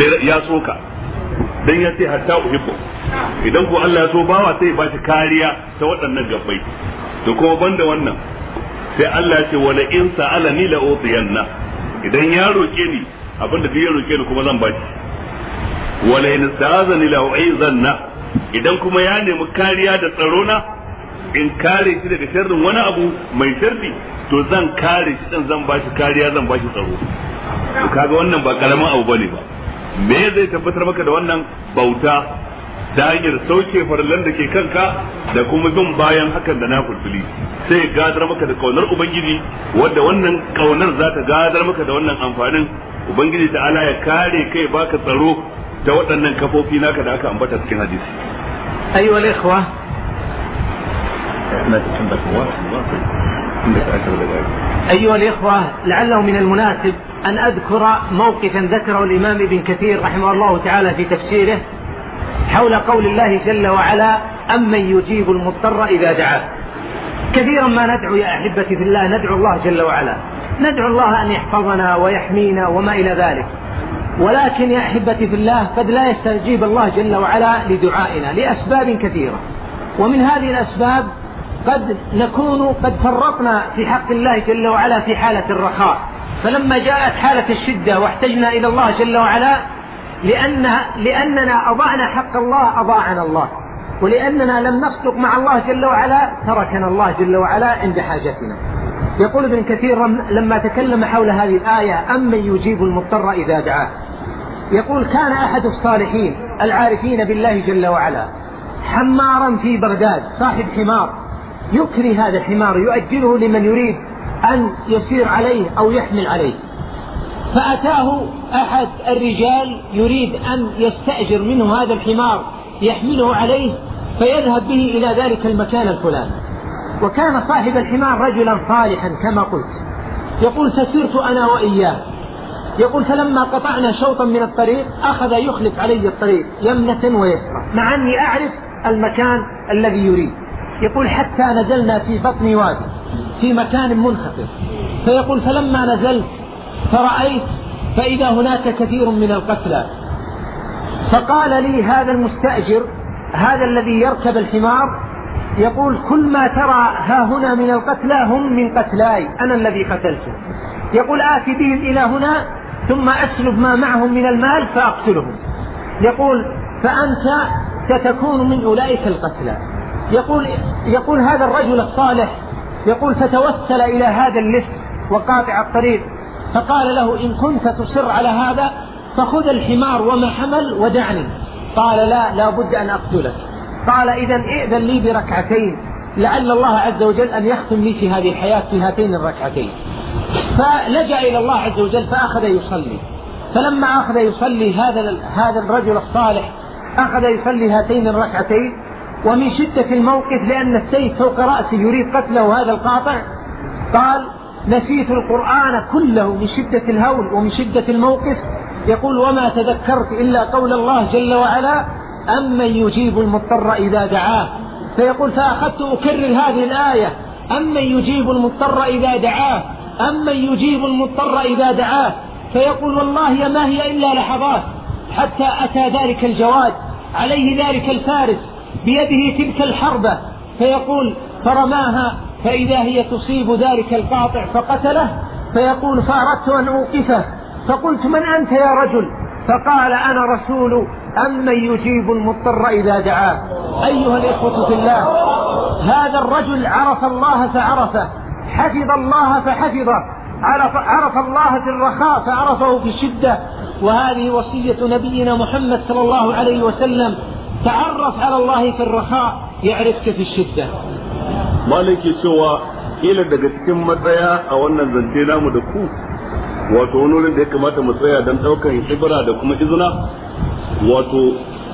sai ya soka dan ya ce hatta uhibbu idan ko Allah ya so bawa sai ba shi kariya ta waɗannan gabbai to kuma banda wannan sai Allah ya ce wala in sa'alani la utiyanna idan ya roke ni abinda duk ya roke ni kuma zan ba shi wala in sa'azani la uizanna idan kuma ya nemi kariya da tsaro na in kare shi daga sharrin wani abu mai sharri to zan kare shi dan zan ba shi kariya zan ba shi tsaro to kaga wannan ba karamin abu bane ba me zai tabbatar maka da wannan bauta da hanyar sauke farallan da ke kanka da kuma bin bayan hakan da na fulfili sai gadar maka da kaunar ubangiji wadda wannan kaunar za ta gadar maka da wannan amfanin ubangiji ta ala ya kare kai baka tsaro ta waɗannan kafofi naka da aka ambata cikin hadisi ayyuhal ikhwa أيها الإخوة لعله من المناسب أن أذكر موقفا ذكره الإمام ابن كثير رحمه الله تعالى في تفسيره حول قول الله جل وعلا أمن يجيب المضطر إذا دعاه كثيرا ما ندعو يا أحبتي في الله ندعو الله جل وعلا ندعو الله أن يحفظنا ويحمينا وما إلى ذلك ولكن يا أحبتي في الله قد لا يستجيب الله جل وعلا لدعائنا لأسباب كثيرة ومن هذه الأسباب قد نكون قد فرطنا في حق الله جل وعلا في حالة الرخاء فلما جاءت حالة الشدة واحتجنا إلى الله جل وعلا لأنها لأننا أضعنا حق الله أضاعنا الله ولأننا لم نصدق مع الله جل وعلا تركنا الله جل وعلا عند حاجتنا يقول ابن كثير لما تكلم حول هذه الآية أمن يجيب المضطر إذا دعاه يقول كان أحد الصالحين العارفين بالله جل وعلا حمارا في بغداد صاحب حمار يكري هذا الحمار يؤجله لمن يريد أن يسير عليه أو يحمل عليه فأتاه أحد الرجال يريد أن يستأجر منه هذا الحمار يحمله عليه فيذهب به إلى ذلك المكان الفلاني وكان صاحب الحمار رجلا صالحا كما قلت يقول فسرت أنا وإياه يقول فلما قطعنا شوطا من الطريق أخذ يخلف علي الطريق يمنة ويسرى مع أني أعرف المكان الذي يريد يقول حتى نزلنا في بطن وادي في مكان منخفض فيقول فلما نزلت فرأيت فإذا هناك كثير من القتلى فقال لي هذا المستأجر هذا الذي يركب الحمار يقول كل ما ترى ها هنا من القتلى هم من قتلاي أنا الذي قتلته يقول آتي بهم إلى هنا ثم أسلب ما معهم من المال فأقتلهم يقول فأنت ستكون من أولئك القتلى يقول يقول هذا الرجل الصالح يقول فتوسل إلى هذا اللص وقاطع الطريق فقال له إن كنت تصر على هذا فخذ الحمار وما حمل ودعني قال لا لا بد أن أقتلك قال إذا ائذن لي بركعتين لعل الله عز وجل أن يختم لي في هذه الحياة في هاتين الركعتين فلجأ إلى الله عز وجل فأخذ يصلي فلما أخذ يصلي هذا هذا الرجل الصالح أخذ يصلي هاتين الركعتين ومن شدة الموقف لأن السيف فوق رأسه يريد قتله هذا القاطع قال نسيت القرآن كله من شدة الهول ومن شدة الموقف يقول وما تذكرت إلا قول الله جل وعلا أمن يجيب المضطر إذا دعاه فيقول فأخذت أكرر هذه الآية أمن يجيب المضطر إذا دعاه أمن يجيب المضطر إذا دعاه فيقول والله ما هي إلا لحظات حتى أتى ذلك الجواد عليه ذلك الفارس بيده تلك الحربة فيقول فرماها فإذا هي تصيب ذلك القاطع فقتله فيقول فأردت أن أوقفه فقلت من أنت يا رجل فقال أنا رسول أمن يجيب المضطر إذا دعاه أيها الإخوة في الله هذا الرجل عرف الله فعرفه حفظ الله فحفظه عرف, عرف الله في الرخاء فعرفه في الشدة وهذه وصية نبينا محمد صلى الله عليه وسلم تعرف على الله في الرخاء يعرفك في الشدة مالك سوى إلى دقتكم مدريا أو أن زنتينا مدكو وتونو لديك ما تمسريا دم توقع إبرا دكما إذنا وتو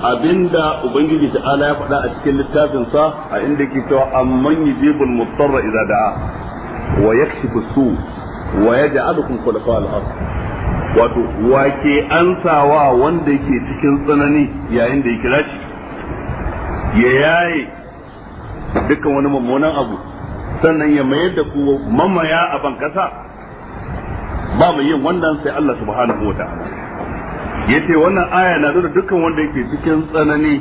أبندا أبنجي تعالى فلا أتكي للتافن صا عندك سوى أمن يجيب المضطر إذا دعا ويكشف السوء ويجعلكم خلفاء الأرض wato wake an sawa wanda yake cikin tsanani yayin ya yaye dukkan wani mummunan abu sannan ya mayar da ku mamaya a bankasa ba mu yin wannan sai Allah subhanahu wa ta'ala ce wannan aya na nuna dukkan wanda yake cikin tsanani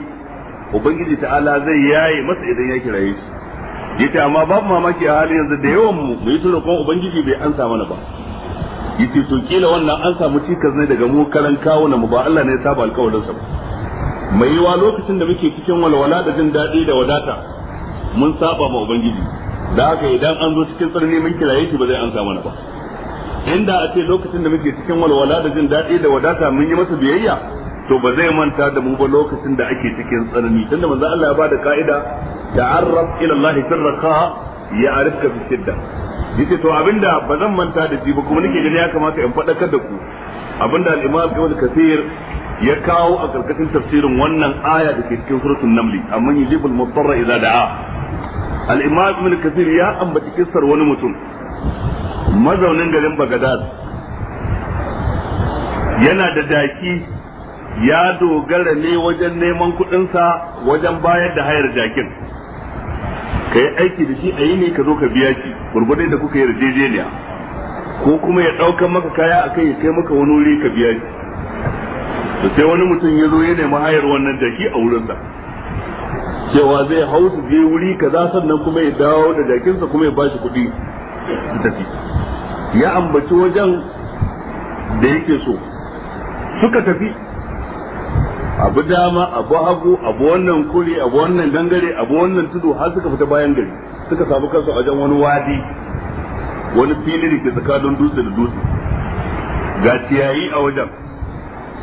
ubangiji ta'ala zai yaye masa idan ya kiraye shi ce amma babu mamaki a halin yanzu da yawan mu mu yi tura kuma ubangiji bai ansa mana ba Ya ce to kila wannan an samu cikas ne daga mu karan kawo na mu ba Allah ne ya saba alƙawarin sa ba mai yiwa lokacin da muke cikin walwala da jin daɗi da wadata mun saba ma ubangiji da haka idan an zo cikin tsarni mun kiraye shi ba zai an mana ba inda a ce lokacin da muke cikin walwala da jin daɗi da wadata mun yi masa biyayya to ba zai manta da mu ba lokacin da ake cikin tsanani. tunda manzo Allah ya bada ka'ida ta'arraf ila Allah sirraka ya arifka fi shidda yace to abinda ba zan manta da shi ba kuma nake gani ya kamata in faɗakar da ku abinda al-Imam Ibn Kathir ya kawo a karkashin tafsirin wannan aya da ke cikin suratul namli amma yujibul mudarra idza da'a al-imam ibn kathir ya ambaci kissar wani mutum mazaunin garin bagadad yana da daki ya dogara ne wajen neman kuɗinsa wajen bayar da hayar jakin ka yi aiki da shi a yi ne ka zo ka biya shi gurgurdai da kuka yi yarjejeniya ko kuma ya ɗaukar maka kaya a ya kai maka wani wuri ka biya shi to sai wani mutum ya zo ya nemi hayar wannan jaki a wurinsa cewa zai hau su je wuri kaza sannan kuma ya dawo da jakinsa kuma ya bashi kuɗi su tafi ya ambaci wajen da yake so suka tafi abu dama abu hagu abu wannan kuri abu wannan dangare abu wannan tudu har suka fita bayan gari suka samu kansu a wajen wani wadi wani fili da ke tsakanin dutse da dutse ga ciyayi a wajen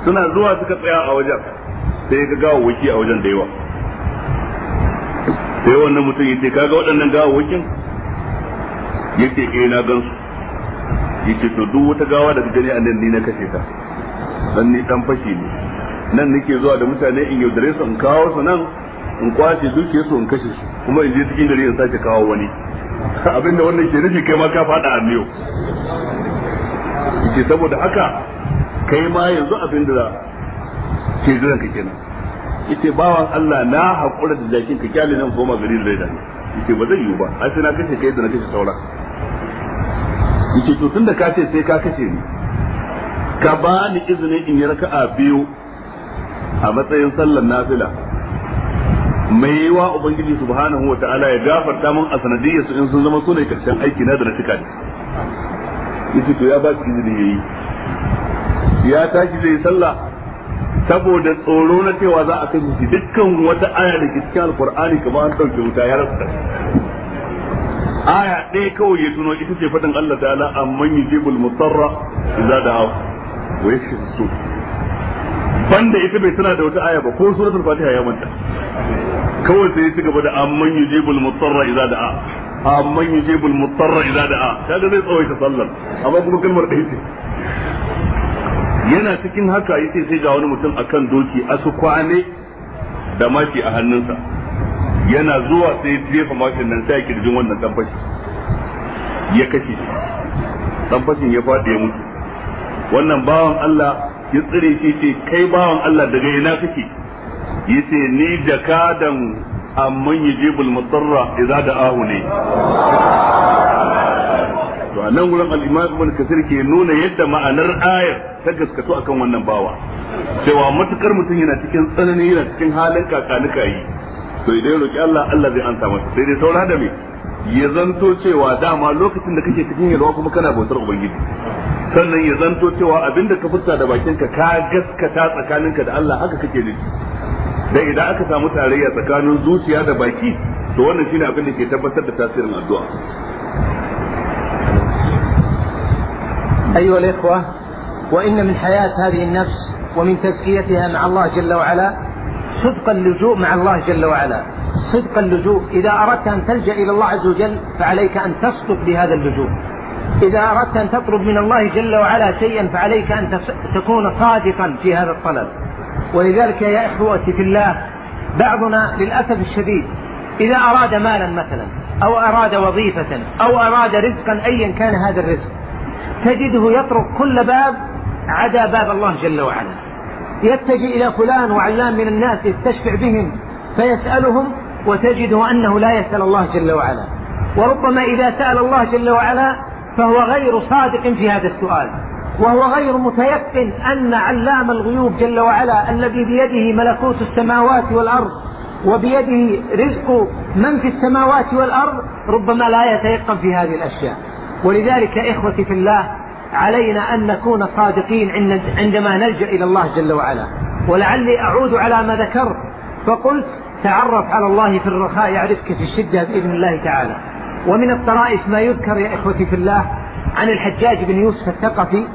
suna zuwa suka tsaya a wajen sai gawo gawawaki a wajen da yawa sai wannan mutum yace kaga waɗannan gawawakin yace eh na gan su yace to duk wata gawa da gani a nan ni na kashe ta dan ni dan fashi ne nan nake zuwa da mutane in yaudare su in kawo su nan in kwace duke su in kashe su kuma in je cikin gari in sake kawo wani abinda wannan ke nufi kai ma ka fada a miyo yace saboda haka kai ma yanzu abin da ke jiran ka kenan yace bawan Allah na haƙura da jakin ka kyale nan goma gari da laida yace ba zai yiwu ba ai sai na kace kai da na kace saura yace to tunda ka ce sai ka kace ni ka ba ni izinin in yi raka'a biyu a matsayin sallar nafila mai yi wa ubangiji subhanahu wa ta'ala ya gafarta mun a sanadiyya su in sun zama sune karshen aiki na da na tuka ne yace to ya ba ki izini yayi ya tashi zai sallah saboda tsoro na cewa za a kai shi dukkan wata aya da cikin alqur'ani kamar an dauke wuta ya rasa aya ɗaya kawai ya tuno ita ce faɗin Allah ta'ala amman yujibul mutarra idza da'a wa yakshifu su banda ita bai tana da wata aya ba ko suratul fatiha ya manta kawai sai ya gaba da amman yujibul mutarra idza da'a amman yujibul mutarra idza da'a kaga zai tsawaita sallar amma kuma kalmar ɗaya ce yana cikin haka yace sai ga wani mutum akan doki asu kwane da maki a hannunsa yana zuwa sai jefa makin nan sai kirjin wannan tabbaci fashi ya kashe tabbacin fashin ya faɗi ya mutu wannan bawan Allah ya tsire shi ce kai bawan Allah daga ina kake yace ni da kadan amman yajibul mutarra idza da'ahu ne to a nan gurin al-imam ibn kasir ke nuna yadda ma'anar ayar ta gaskatu akan wannan bawa cewa matukar mutum yana cikin tsanani yana cikin halin kakanuka yi to idan roki Allah Allah zai ansa masa sai dai saura da me ya zanto cewa dama lokacin da kake cikin yalwa kuma kana bautar ubangiji sannan ya zanto cewa abinda ka furta da bakinka ka gaskata tsakaninka da Allah haka kake nufi dan idan aka samu tarayya tsakanin zuciya da baki to wannan shine abin da ke tabbatar da tasirin addu'a أيها الإخوة وإن من حياة هذه النفس ومن تزكيتها مع الله جل وعلا صدق اللجوء مع الله جل وعلا صدق اللجوء إذا أردت أن تلجأ إلى الله عز وجل فعليك أن تصدق بهذا اللجوء إذا أردت أن تطلب من الله جل وعلا شيئا فعليك أن تكون صادقا في هذا الطلب ولذلك يا إخوتي في الله بعضنا للأسف الشديد إذا أراد مالا مثلا أو أراد وظيفة أو أراد رزقا أيا كان هذا الرزق تجده يطرق كل باب عدا باب الله جل وعلا يتجه إلى فلان وعلان من الناس يستشفع بهم فيسألهم وتجده أنه لا يسأل الله جل وعلا وربما إذا سأل الله جل وعلا فهو غير صادق في هذا السؤال وهو غير متيقن أن علام الغيوب جل وعلا الذي بيده ملكوت السماوات والأرض وبيده رزق من في السماوات والأرض ربما لا يتيقن في هذه الأشياء ولذلك إخوتي في الله علينا أن نكون صادقين عندما نلجأ إلى الله جل وعلا ولعلي أعود على ما ذكرت فقلت تعرف على الله في الرخاء يعرفك في الشدة بإذن الله تعالى ومن الطرائف ما يذكر يا إخوتي في الله عن الحجاج بن يوسف الثقفي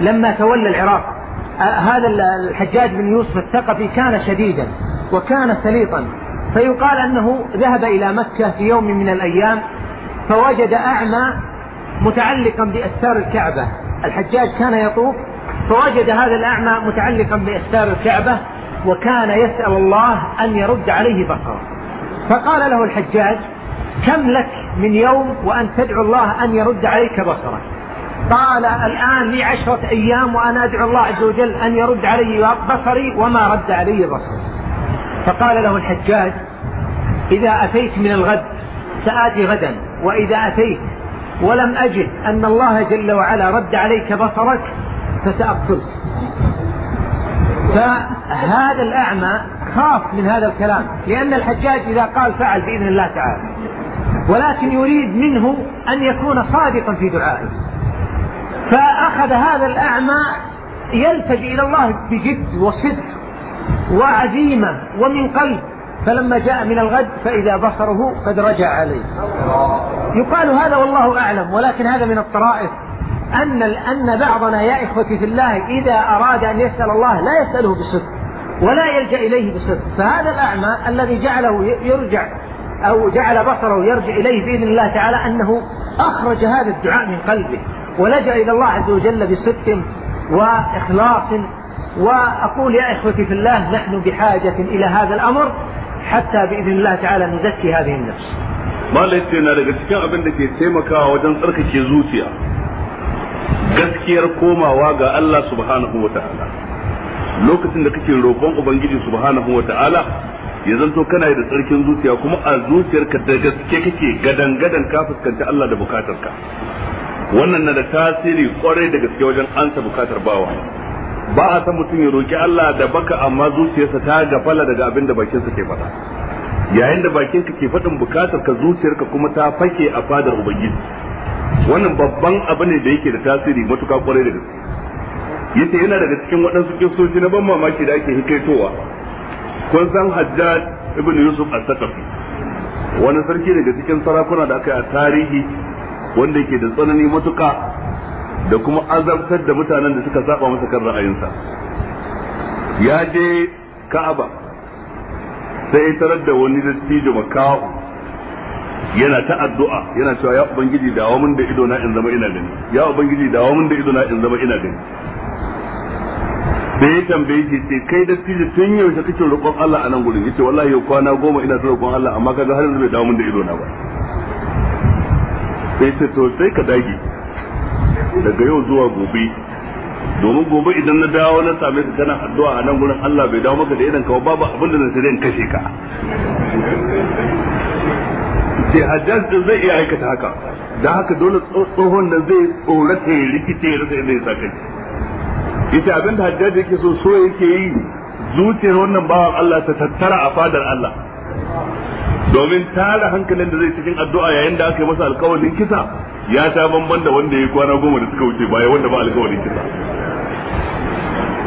لما تولى العراق آه، هذا الحجاج بن يوسف الثقفي كان شديدا وكان سليطا فيقال أنه ذهب إلى مكة في يوم من الأيام فوجد أعمى متعلقا بأستار الكعبة الحجاج كان يطوف فوجد هذا الأعمى متعلقا بأستار الكعبة وكان يسأل الله أن يرد عليه بصره فقال له الحجاج كم لك من يوم وأن تدعو الله أن يرد عليك بصرك قال الآن لي عشرة أيام وأنا أدعو الله عز وجل أن يرد علي بصري وما رد علي بصري فقال له الحجاج إذا أتيت من الغد سآتي غدا وإذا أتيت ولم أجد أن الله جل وعلا رد عليك بصرك فسأقتلك فهذا الأعمى خاف من هذا الكلام لأن الحجاج إذا قال فعل بإذن الله تعالى ولكن يريد منه أن يكون صادقا في دعائه فأخذ هذا الأعمى يلتجئ إلى الله بجد وصدق وعزيمة ومن قلب فلما جاء من الغد فإذا بصره قد رجع عليه يقال هذا والله أعلم ولكن هذا من الطرائف أن أن بعضنا يا إخوتي في الله إذا أراد أن يسأل الله لا يسأله بصدق ولا يلجأ إليه بصدق فهذا الأعمى الذي جعله يرجع أو جعل بصره يرجع إليه بإذن الله تعالى أنه أخرج هذا الدعاء من قلبه ولجأ إلى الله عز وجل بصدق وإخلاص وأقول يا إخوتي في الله نحن بحاجة إلى هذا الأمر hatta bi idhnillah ta'ala nuzakki hadhihi an-nafs malai ce na daga cikin abin da ke taimakawa wajen tsarkake zuciya gaskiyar komawa ga Allah subhanahu wa ta'ala lokacin da kake roƙon ubangiji subhanahu wa ta'ala ya zanto kana da tsarkin zuciya kuma a zuciyarka da gaske kake gadan gadan ka fuskanci Allah da bukatarka wannan na da tasiri kwarai da gaske wajen ansa bukatar bawa ba a san mutum ya roki Allah da baka amma zuciyarsa ta gafala daga abin da bakinsa ke faɗa yayin da bakinka ke faɗin bukatar ka zuciyarka kuma ta fake a fadar ubangiji wannan babban abu ne da yake da tasiri matuka kwarai da gaske yace yana daga cikin waɗansu kisoshi na ban mamaki da ake hikaitowa kun san Hajjaj ibn Yusuf al-Sakafi wani sarki daga cikin sarakuna da aka yi a tarihi wanda yake da tsanani matuka da kuma azabtar da mutanen da suka saba masa kan ra'ayinsa ya je ka'aba sai ya tarar da wani dattijo makawo yana ta addu'a yana cewa ya ubangiji dawo mun da ido na in zama ina gani ya ubangiji dawo mun da ido na in zama ina gani sai ya tambaye shi sai kai dattijo tun yaushe kake roƙon Allah a nan gurin yace wallahi yau kwana goma ina ta roƙon Allah amma kaga har yanzu bai dawo mun da ido na ba sai ce to sai ka dage daga yau zuwa gobe domin gobe idan na dawo na same ka kana addu'a a nan gurin Allah bai dawo maka da idan ka babu abin da zai kashe ka sai hajjaj da zai iya aikata haka da haka dole tsohon da zai tsorata ya rikice ya rasa ya ita abin da hajjaj yake so so yake yi zuciyar wannan bawan Allah ta tattara a fadar Allah domin tara hankalin da zai cikin addu'a yayin da aka yi masa alƙawarin kisa ya ta bamban da wanda ya kwana goma da suka wuce baya wanda ba alkawari kisa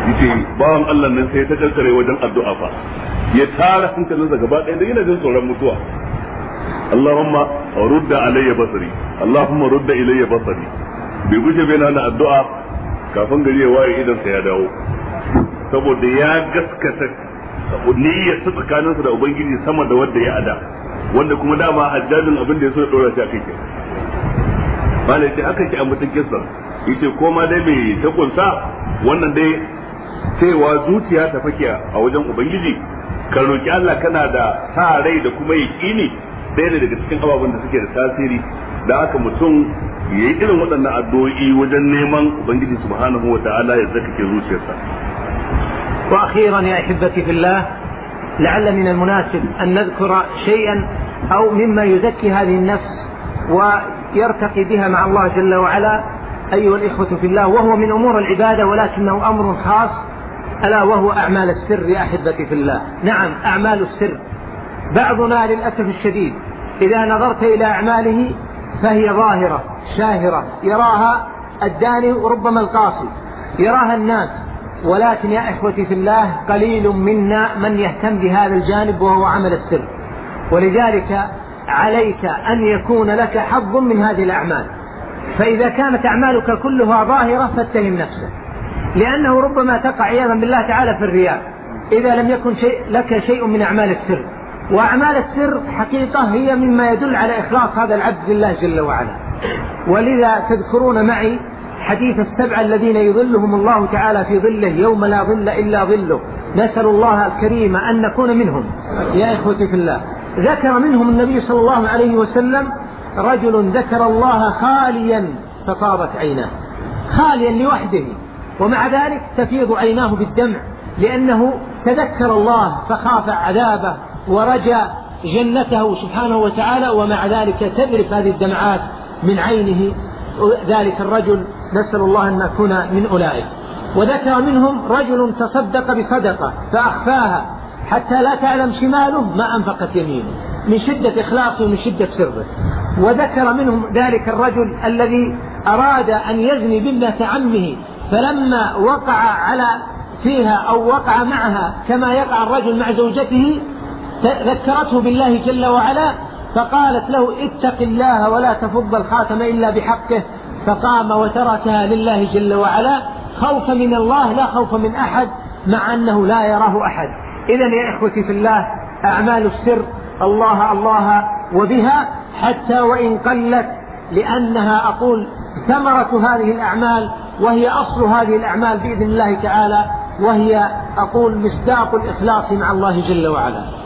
yace bawan Allah nan sai ta karkare wajen addu'a fa ya tara hankalinsa gaba ɗaya da yana jin tsoron mutuwa اللهم رد علي بصري اللهم رد الي بصري Bi gushe bai na addu'a kafin gari ya waye idan sa ya dawo saboda ya gaskata niyyar su tsakaninsa da ubangiji sama da wanda ya ada wanda kuma dama hajjajin abin da ya so ya dora shi a kai bala ce aka ki ambatin kisar yace ko ma dai mai ta wannan dai cewa zuciya ta fake a wajen ubangiji ka roki Allah kana da sa rai da kuma yaqini dai ne daga cikin ababen da suke da tasiri da aka mutum ya yi irin waɗannan addu'o'i wajen neman ubangiji subhanahu wata'ala ya zaka ke zuciyarsa وأخيرا يا أحبتي في الله لعل من المناسب أن نذكر شيئا أو مما يزكي هذه النفس يرتقي بها مع الله جل وعلا أيها الإخوة في الله وهو من أمور العبادة ولكنه أمر خاص ألا وهو أعمال السر يا أحبتي في الله نعم أعمال السر بعضنا للأسف الشديد إذا نظرت إلى أعماله فهي ظاهرة شاهرة يراها الداني وربما القاصي يراها الناس ولكن يا إخوتي في الله قليل منا من يهتم بهذا الجانب وهو عمل السر ولذلك عليك أن يكون لك حظ من هذه الأعمال فإذا كانت أعمالك كلها ظاهرة فاتهم نفسك لأنه ربما تقع عياذا بالله تعالى في الرياء إذا لم يكن شيء لك شيء من أعمال السر وأعمال السر حقيقة هي مما يدل على إخلاص هذا العبد لله جل وعلا ولذا تذكرون معي حديث السبعة الذين يظلهم الله تعالى في ظله يوم لا ظل إلا ظله نسأل الله الكريم أن نكون منهم يا إخوتي في الله ذكر منهم النبي صلى الله عليه وسلم رجل ذكر الله خاليا فطابت عيناه خاليا لوحده ومع ذلك تفيض عيناه بالدمع لأنه تذكر الله فخاف عذابه ورجا جنته سبحانه وتعالى ومع ذلك تذرف هذه الدمعات من عينه ذلك الرجل نسأل الله أن نكون من أولئك وذكر منهم رجل تصدق بصدقة فأخفاها حتى لا تعلم شماله ما أنفقت يمينه من شدة إخلاصه ومن شدة سره وذكر منهم ذلك الرجل الذي أراد أن يزني بنت عمه فلما وقع على فيها أو وقع معها كما يقع الرجل مع زوجته ذكرته بالله جل وعلا فقالت له اتق الله ولا تفض الخاتم إلا بحقه فقام وتركها لله جل وعلا خوفا من الله لا خوف من أحد مع أنه لا يراه أحد إذا يا إخوتي في الله أعمال السر الله الله وبها حتى وإن قلت لأنها أقول ثمرة هذه الأعمال وهي أصل هذه الأعمال بإذن الله تعالى وهي أقول مصداق الإخلاص مع الله جل وعلا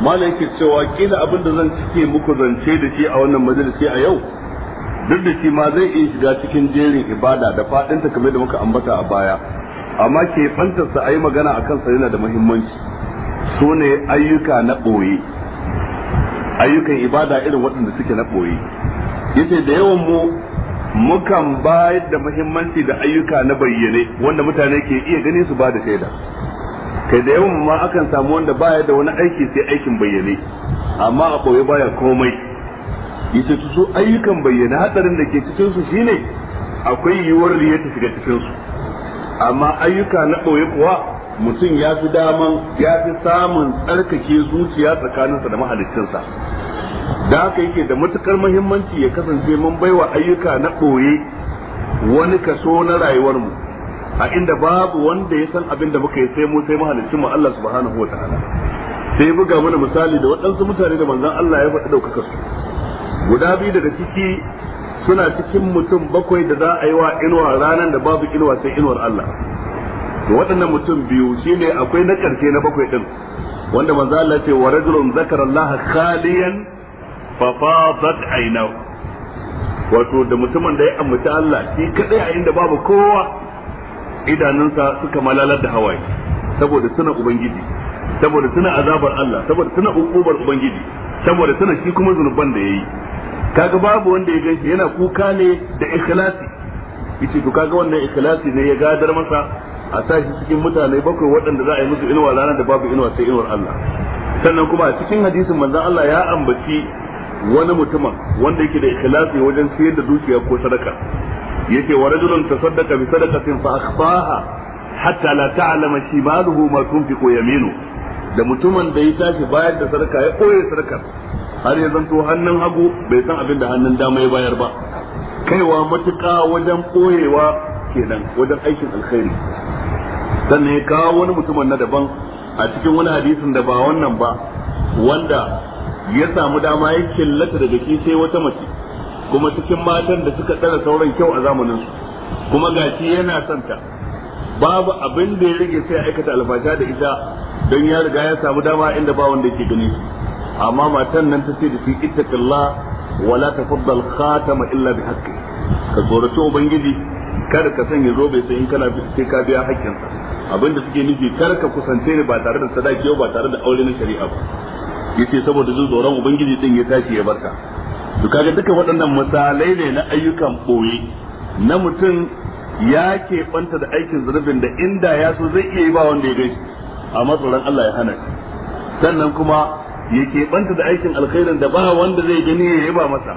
malam ke cewa kila abin da zan cike muku zance da shi duk da shi ma zai iya shiga cikin jerin ibada da fadinta kamar da muka ambata a baya amma ke fantasta a yi magana a kansa yana da muhimmanci su ne ayyuka na ɓoye ayyukan ibada irin waɗanda suke na ɓoye yace da yawan mu mukan bayar da muhimmanci da ayyuka na bayyane wanda mutane ke iya gani su ba da shaida kai da yawan ma akan samu wanda baya da wani aiki sai aikin bayyane amma a ɓoye baya komai yace su ayyukan bayyane hatsarin da ke cikinsu shine akwai yiwuwar riya ta shiga cikin su amma ayyuka na ɓoye kuwa mutum ya fi daman ya fi samun tsarkake zuciya tsakaninsa da mahalicinsa da haka yake da matukar mahimmanci ya kasance mun baiwa ayyuka na ɓoye wani kaso na rayuwarmu a inda babu wanda ya san abin da muka yi sai mu sai mahaliccinmu Allah subhanahu wa ta'ala sai buga mana misali da waɗansu mutane da manzon Allah ya faɗi ɗaukaka su guda biyu daga ciki suna cikin mutum bakwai da za a yi wa inuwa ranar da babu inuwa sai inuwar Allah to waɗannan mutum biyu shine akwai na karshe na bakwai din wanda manzo Allah ce wa rajulun zakara Allah khaliyan fa fadat aynahu wato da mutumin da ya ambaci Allah shi kadai a inda babu kowa idanunsa suka malalar da hawaye saboda suna ubangiji saboda suna azabar Allah saboda suna ukubar ubangiji saboda suna shi kuma zunuban da yayi kaga babu wanda ya ganshi yana kuka ne da ikhlasi yace to kaga wannan ikhlasi ne ya gadar masa a tashi cikin mutane bakwai waɗanda za a yi musu inuwa ranar da babu inuwa sai inuwar Allah sannan kuma a cikin hadisin manzon Allah ya ambaci wani mutumin wanda yake da ikhlasi wajen sayar da dukiya ko sadaka yace wa rajulun tasaddaqa bi sadaqatin fa akhfaha hatta la ta'lama shimaluhu ma tunfiqu yaminu da mutumin da ya tashi bayar da sadaka ya koyi sadakar har ya zanto hannun hagu bai san abin da hannun dama ya bayar ba kaiwa matuƙa wajen ɓoyewa kenan wajen aikin alkhairi sannan ya kawo wani mutumin na daban a cikin wani hadisin da ba wannan ba wanda ya samu dama ya killata daga shi sai wata mace kuma cikin matan da suka tsara sauran kyau a zamanin su kuma gaci yana son ta. babu abin da ya rage sai aikata alfasha da ita don ya riga ya samu dama inda ba wanda ke gani amma matan nan ta ce da shi ittaqillah wala tafaddal khatama illa bi haqqi ka tsoraci ubangiji kada ka sanya zobe sai in kana sai ka biya haƙƙinsa abinda suke nufi kar ka kusance ni ba tare da sadaki ba tare da aure na shari'a ba yace saboda zuwa tsoron ubangiji din ya tashi ya barka to kaga duka waɗannan misalai ne na ayyukan boye na mutum ya ke banta da aikin zurbin da inda ya so zai iya yi ba wanda ya gaishe amma tsoron Allah ya hana shi sannan kuma ya keɓanta da aikin alkhairin da ba wanda zai gani ya ba masa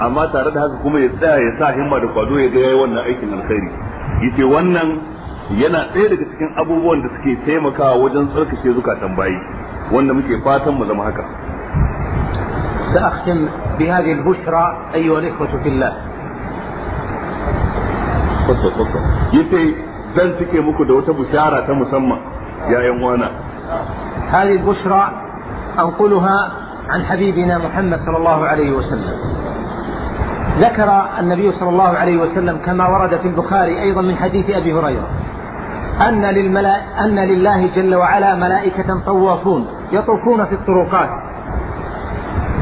amma tare da haka kuma ya tsaya ya sa himma da kwado ya ga yayi wannan aikin alkhairi yace wannan yana ɗaya daga cikin abubuwan da suke taimakawa wajen tsarkake zukatan bayi wanda muke fatan mu zama haka سأختم بهذه البشرى أيها الإخوة في الله تفضل تفضل يتي زن تكي مكو دوتا بشارة مسمى يا يموانا هذه البشرى أنقلها عن حبيبنا محمد صلى الله عليه وسلم ذكر النبي صلى الله عليه وسلم كما ورد في البخاري أيضا من حديث أبي هريرة أن, للملا... أن لله جل وعلا ملائكة طوافون يطوفون في الطرقات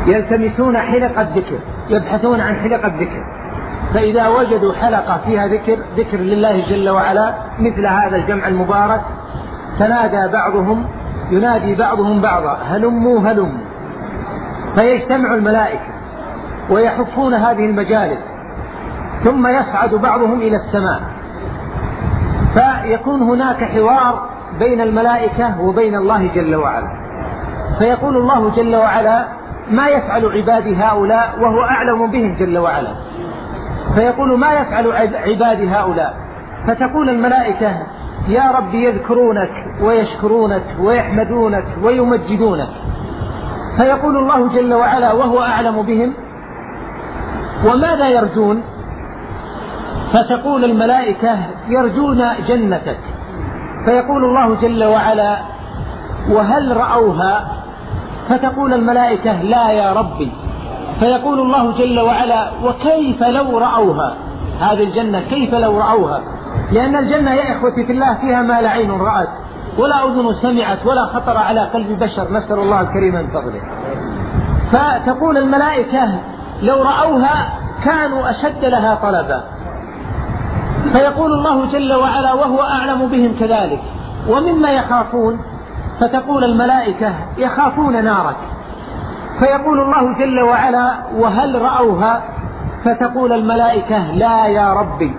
يلتمسون حلقة ذكر يبحثون عن حلقة ذكر فإذا وجدوا حلقة فيها ذكر ذكر لله جل وعلا مثل هذا الجمع المبارك تنادى بعضهم ينادي بعضهم بعضا هلموا هلموا فيجتمع الملائكة ويحفون هذه المجالس ثم يصعد بعضهم إلى السماء فيكون هناك حوار بين الملائكة وبين الله جل وعلا فيقول الله جل وعلا ما يفعل عبادي هؤلاء وهو أعلم بهم جل وعلا فيقول ما يفعل عبادي هؤلاء فتقول الملائكة يا رب يذكرونك ويشكرونك ويحمدونك ويمجدونك فيقول الله جل وعلا وهو اعلم بهم وماذا يرجون فتقول الملائكه يرجون جنتك فيقول الله جل وعلا وهل راوها فتقول الملائكه لا يا ربي فيقول الله جل وعلا وكيف لو راوها هذه الجنه كيف لو راوها لأن الجنة يا إخوتي في الله فيها ما لا عين رأت ولا أذن سمعت ولا خطر على قلب بشر نسأل الله الكريم من فضله فتقول الملائكة لو رأوها كانوا أشد لها طلبا فيقول الله جل وعلا وهو أعلم بهم كذلك ومما يخافون فتقول الملائكة يخافون نارك فيقول الله جل وعلا وهل رأوها فتقول الملائكة لا يا ربي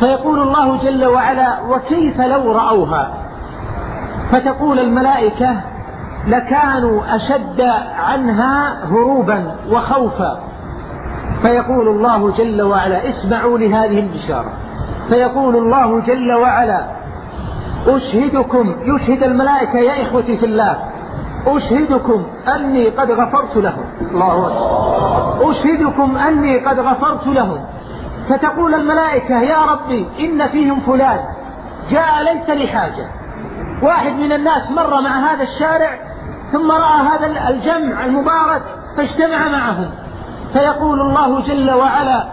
فيقول الله جل وعلا وكيف لو رأوها فتقول الملائكة لكانوا أشد عنها هروبا وخوفا فيقول الله جل وعلا اسمعوا لهذه البشارة فيقول الله جل وعلا أشهدكم يشهد الملائكة يا إخوتي في الله أشهدكم أني قد غفرت لهم الله أشهدكم أني قد غفرت لهم فتقول الملائكة يا ربي إن فيهم فلان جاء ليس لحاجة واحد من الناس مر مع هذا الشارع ثم رأى هذا الجمع المبارك فاجتمع معهم فيقول الله جل وعلا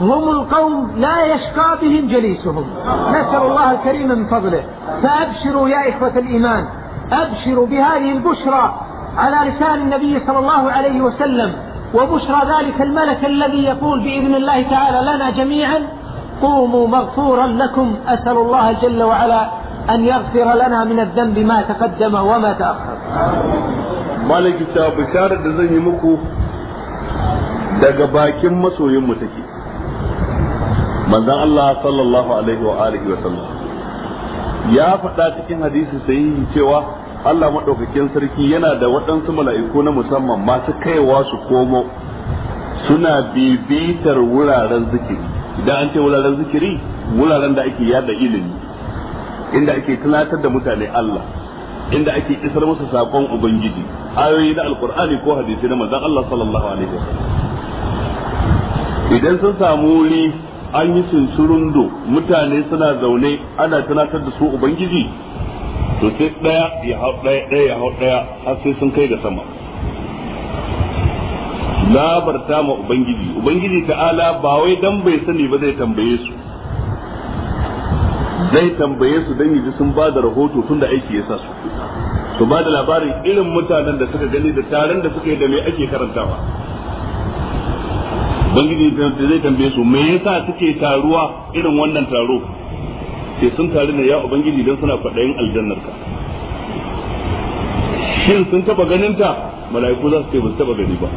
هم القوم لا يشقى بهم جليسهم نسأل الله الكريم من فضله فأبشروا يا إخوة الإيمان أبشروا بهذه البشرى على لسان النبي صلى الله عليه وسلم وبشرى ذلك الملك الذي يقول بإذن الله تعالى لنا جميعا قوموا مغفورا لكم أسأل الله جل وعلا أن يغفر لنا من الذنب ما تقدم وما تأخر مالك بشارة زي مكو دقبا bakin masoyinmu من manzon الله صلى الله عليه وآله وسلم يا فتاة faɗa حديث hadisi Allah madaukakin sarki yana da waɗansu mala'iku na musamman masu kaiwa su komo suna bibitar wuraren zikiri idan an ce wuraren zikiri wuraren da ake yada ilimi inda ake tunatar da mutane Allah inda ake isar musu sakon ubangiji ayoyi na alkur'ani ko hadisi na manzon Allah sallallahu alaihi wasallam idan sun samu wuri an yi sunsurundo mutane suna zaune ana tunatar da su ubangiji to sai daya ya hau daya daya ya hau daya har sai sun kai ga sama labarta ma ubangiji ubangiji ta'ala ba wai dan bai sani ba zai tambaye su zai tambaye su dan yaji sun ba da rahoto tun da aiki ya sa su to ba da labarin irin mutanen da suka gani da taron da suka yi da mai ake karantawa ubangiji zai tambaye su me yasa suke taruwa irin wannan taro ce sun tare ne ya ubangiji don suna faɗayin aljannar ka shin sun taba ganin ta mala'iku za su ce ba su taba gani ba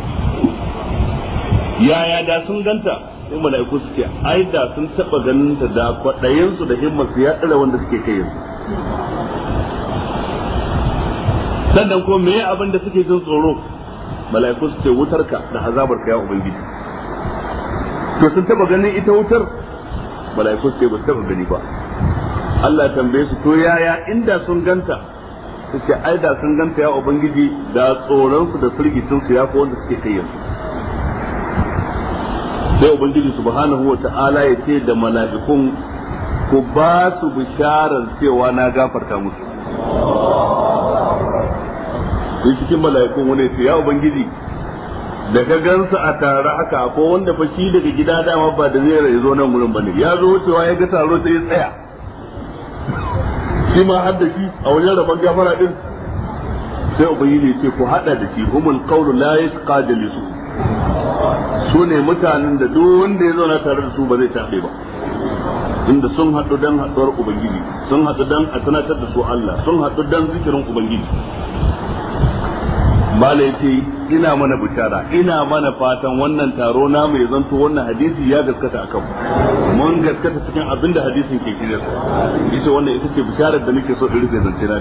yaya da sun ganta sai mala'iku su ce ai da sun taba ganin ta da faɗayin su da himmar su ya tsara wanda suke kai yanzu sannan ko me abin da suke jin tsoro mala'iku su ce wutar ka da azabar ka ya ubangiji to sun taba ganin ita wutar mala'iku su ce ba su taba gani ba Allah tambaye su to yaya inda sun ganta suke ai da sun ganta ya ubangiji da tsoron su da firgicin su ya ko wanda suke kai yanzu sai ubangiji subhanahu wata'ala ya ce da malaikun ku ba su bisharar cewa na gafarta musu sai cikin mala'ikun wani ce ya ubangiji da ka gansa a tare haka ko wanda fa shi daga gida dama ba da zai zo nan gurin bane ya zo wucewa ya ga taro sai ya tsaya shi ma har da shi a wajen rabon gafara din sai ubangiji ce ku hada da shi humul qawlu la yasqa jalisu su ne mutanen da duk wanda ya zauna tare da su ba zai tabe ba inda sun haɗu dan haɗuwar ubangiji sun haɗu dan a tunatar da su Allah sun haɗu dan zikirin ubangiji malai ce ina mana bishara ina mana fatan wannan taro na mai zanto wannan hadisi ya gaskata akan mu mun gaskata cikin abin da hadisin ke kire su wannan ita ce bisharar da nake so in rufe zance na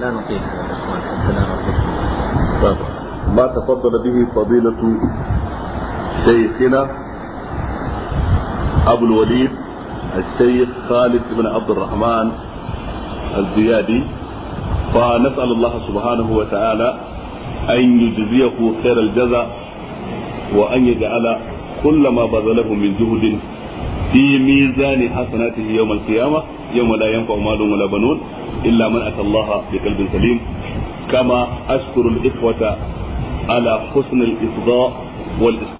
da ita ما تفضل به فضيلة شيخنا أبو الوليد الشيخ خالد بن عبد الرحمن الزيادي فنسأل الله سبحانه وتعالى أن يجزيه خير الجزاء وأن يجعل كل ما بذله من جهد في ميزان حسناته يوم القيامة يوم لا ينفع مال ولا بنون إلا من أتى الله بقلب سليم كما أشكر الإخوة على حسن الإصغاء والإصغاء